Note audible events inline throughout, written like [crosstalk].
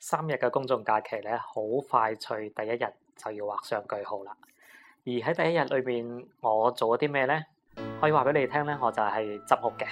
三日嘅公眾假期咧，好快趣第一日就要畫上句號啦。而喺第一日裏面，我做咗啲咩呢？可以話俾你聽咧，我就係執屋嘅。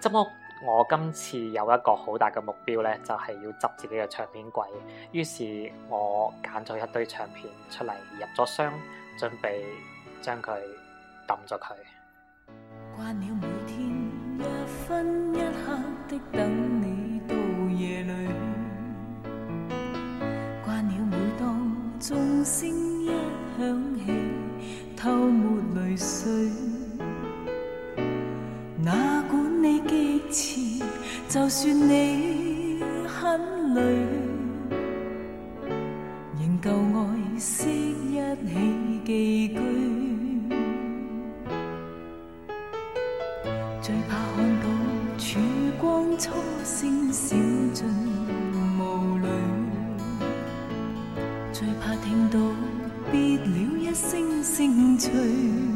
執屋，我今次有一個好大嘅目標咧，就係、是、要執自己嘅唱片櫃。於是，我揀咗一堆唱片出嚟入咗箱，準備將佢抌咗佢。慣了每天一分一刻的等。就算你很累，仍舊愛惜一起寄居。最怕看到曙光初升，閃進霧裏。最怕聽到別了一聲聲催。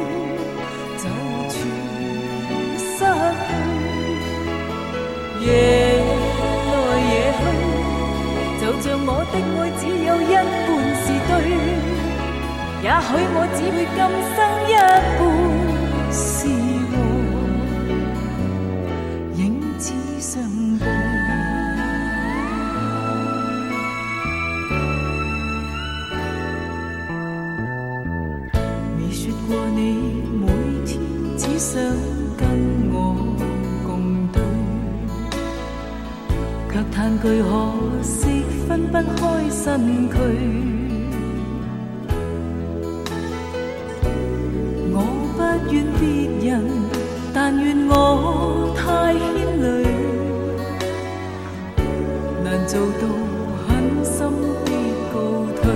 夜來夜去，就像我的愛只有一半是對，也許我只會今生一半。 [noise] [noise] 佢可惜分不開身軀，我不怨別人，但怨我太牽累，難做到狠心必告退。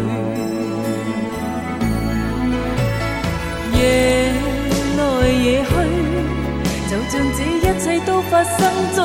夜來夜去，就像這一切都發生。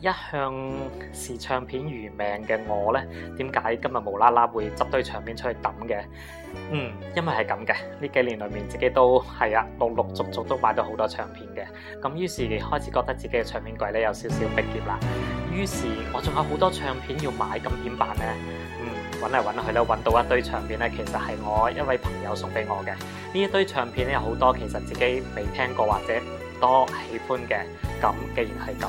一向視唱片如命嘅我呢，點解今日無啦啦會執堆唱片出去抌嘅？嗯，因為係咁嘅。呢幾年裏面自己都係啊，陸陸續續都買咗好多唱片嘅。咁、嗯、於是開始覺得自己嘅唱片櫃呢有少少逼仄啦。於是我仲有好多唱片要買，咁點辦呢？嗯，揾嚟揾去呢，揾到一堆唱片呢，其實係我一位朋友送俾我嘅。呢一堆唱片呢，有好多，其實自己未聽過或者唔多喜歡嘅。咁、嗯、既然係咁。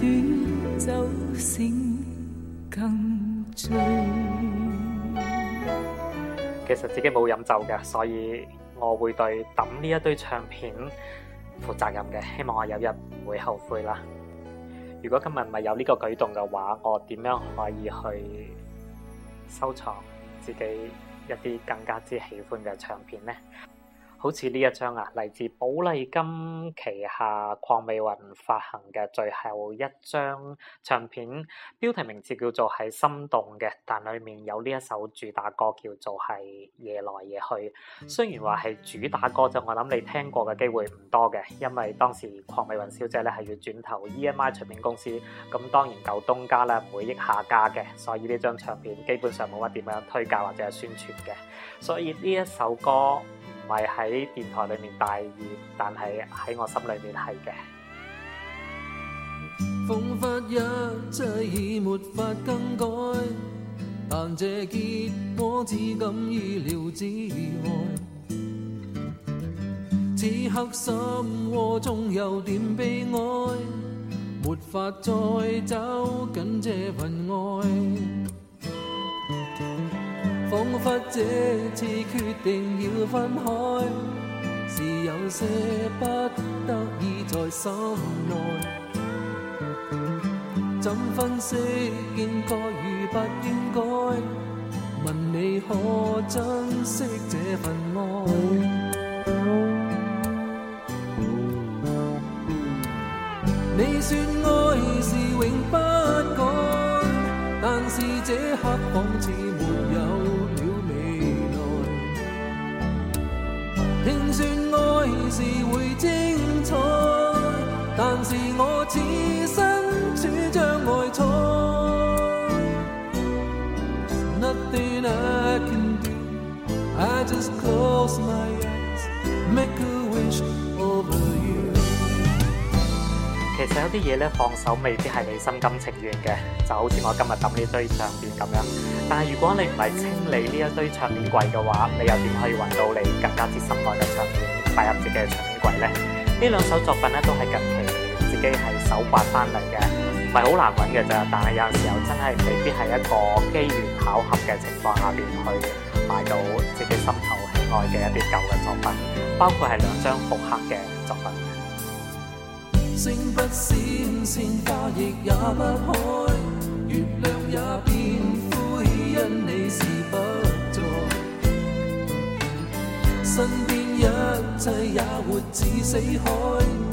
短酒醒更醉，其實自己冇飲酒嘅，所以我會對抌呢一堆唱片負責任嘅，希望我有日唔會後悔啦。如果今日唔係有呢個舉動嘅話，我點樣可以去收藏自己一啲更加之喜歡嘅唱片呢？好似呢一張啊，嚟自寶麗金旗下鄺美雲發行嘅最後一張唱片，標題名字叫做係《心動》嘅，但裏面有呢一首主打歌叫做係《夜來夜去》。雖然話係主打歌就我諗你聽過嘅機會唔多嘅，因為當時鄺美雲小姐咧係要轉投 EMI 唱片公司，咁當然舊東家咧唔會益下家嘅，所以呢張唱片基本上冇乜點樣推介或者係宣傳嘅，所以呢一首歌。唔係喺電台裏面大意，但係喺我心裏面係嘅。彷彿一切已沒法更改，但這結果只敢意料之外。此刻生活總有點悲哀，沒法再抓緊這份愛。仿佛這次決定要分開，是有些不得已在心內。怎分析應該與不應該？問你可珍惜這份愛？你說愛是永不改，但是這刻仿似。精彩，但是我此生其實有啲嘢咧，放手未必係你心甘情願嘅，就好似我今日揼呢堆唱片咁樣。但係如果你唔係清理呢一堆唱片櫃嘅話，你又點可以揾到你更加之心愛嘅？買入自己嘅唱片櫃咧，呢兩首作品咧都係近期自己係搜刮翻嚟嘅，唔係好難揾嘅咋，但係有陣時候真係未必係一個機緣巧合嘅情況下邊去買到自己心頭喜愛嘅一啲舊嘅作品，包括係兩張復刻嘅作品。一切也活似死海。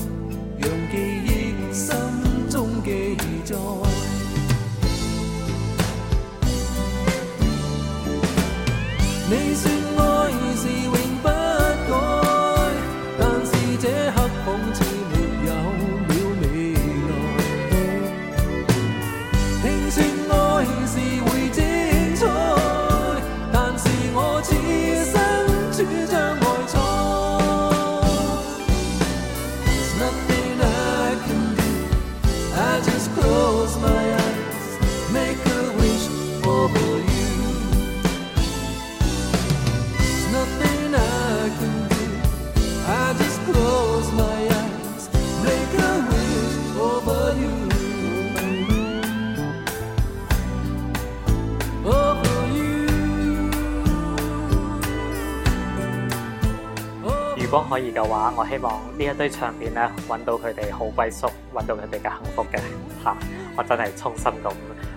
如果可以嘅話，我希望呢一堆唱片咧，揾到佢哋好歸宿，揾到佢哋嘅幸福嘅吓、啊，我真係衷心咁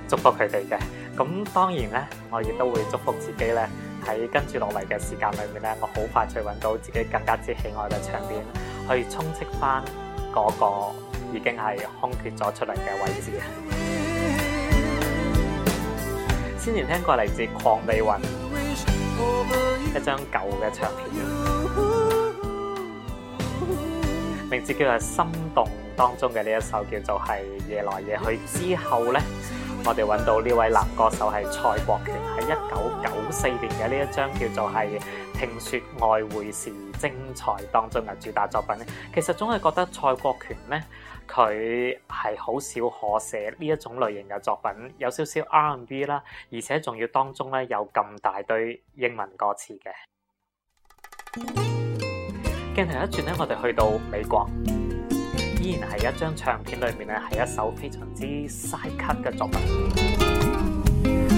祝福佢哋嘅。咁當然咧，我亦都會祝福自己咧，喺跟住落嚟嘅時間裏面咧，我好快脆揾到自己更加之喜愛嘅唱片，去充斥翻。嗰個，個已經係空缺咗出嚟嘅位置。先前聽過嚟自《鄺美雲》一張舊嘅唱片，名字叫做《心動》，當中嘅呢一首叫做係《夜來夜去》之後咧。我哋搵到呢位男歌手係蔡國權，喺一九九四年嘅呢一張叫做係《聽說愛會是精彩》，當中嘅主打作品咧，其實總係覺得蔡國權呢佢係好少可寫呢一種類型嘅作品，有少少 R&B 啦，而且仲要當中呢有咁大堆英文歌詞嘅。鏡 [music] 頭一轉呢，我哋去到美國。依然係一張唱片裏面咧，係一首非常之犀刻嘅作品。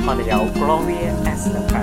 我哋有 Gloria Estefan。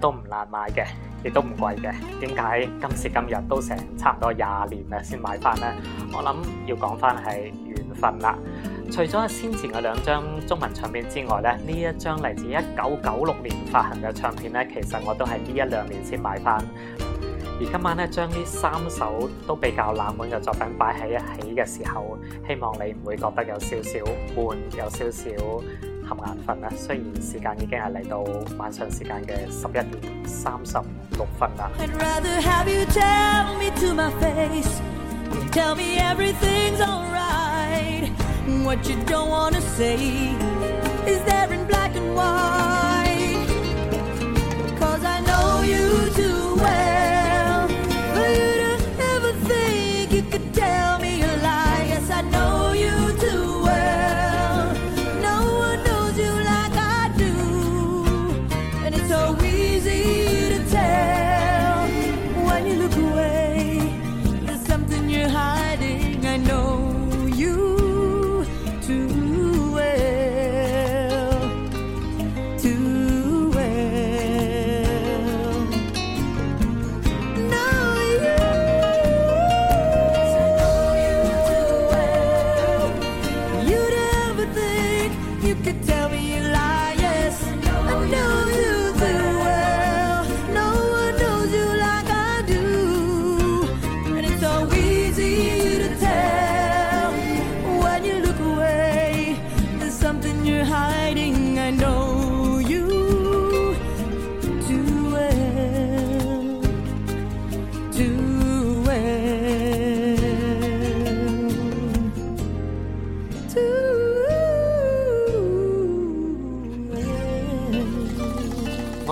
都唔難買嘅，亦都唔貴嘅。點解今時今日都成差唔多廿年啦先買翻呢？我諗要講翻係緣分啦。除咗先前嘅兩張中文唱片之外呢，呢一張嚟自一九九六年發行嘅唱片呢，其實我都係呢一兩年先買翻。而今晚呢，將呢三首都比較冷門嘅作品擺喺一起嘅時候，希望你唔會覺得有少少悶，有少少。合眼瞓啦，雖然時間已經係嚟到晚上時間嘅十一點三十六分啦。I'd rather have you tell me to my face, tell me everything's all right. What you don't wanna say is there in black and white?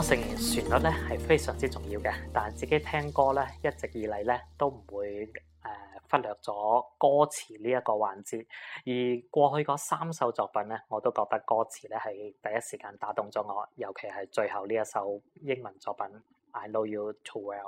成旋律咧，係非常之重要嘅，但自己聽歌咧，一直以嚟咧，都唔會誒忽略咗歌詞呢一個環節。而過去嗰三首作品咧，我都覺得歌詞咧係第一時間打動咗我，尤其係最後呢一首英文作品《I Know You Too Well》。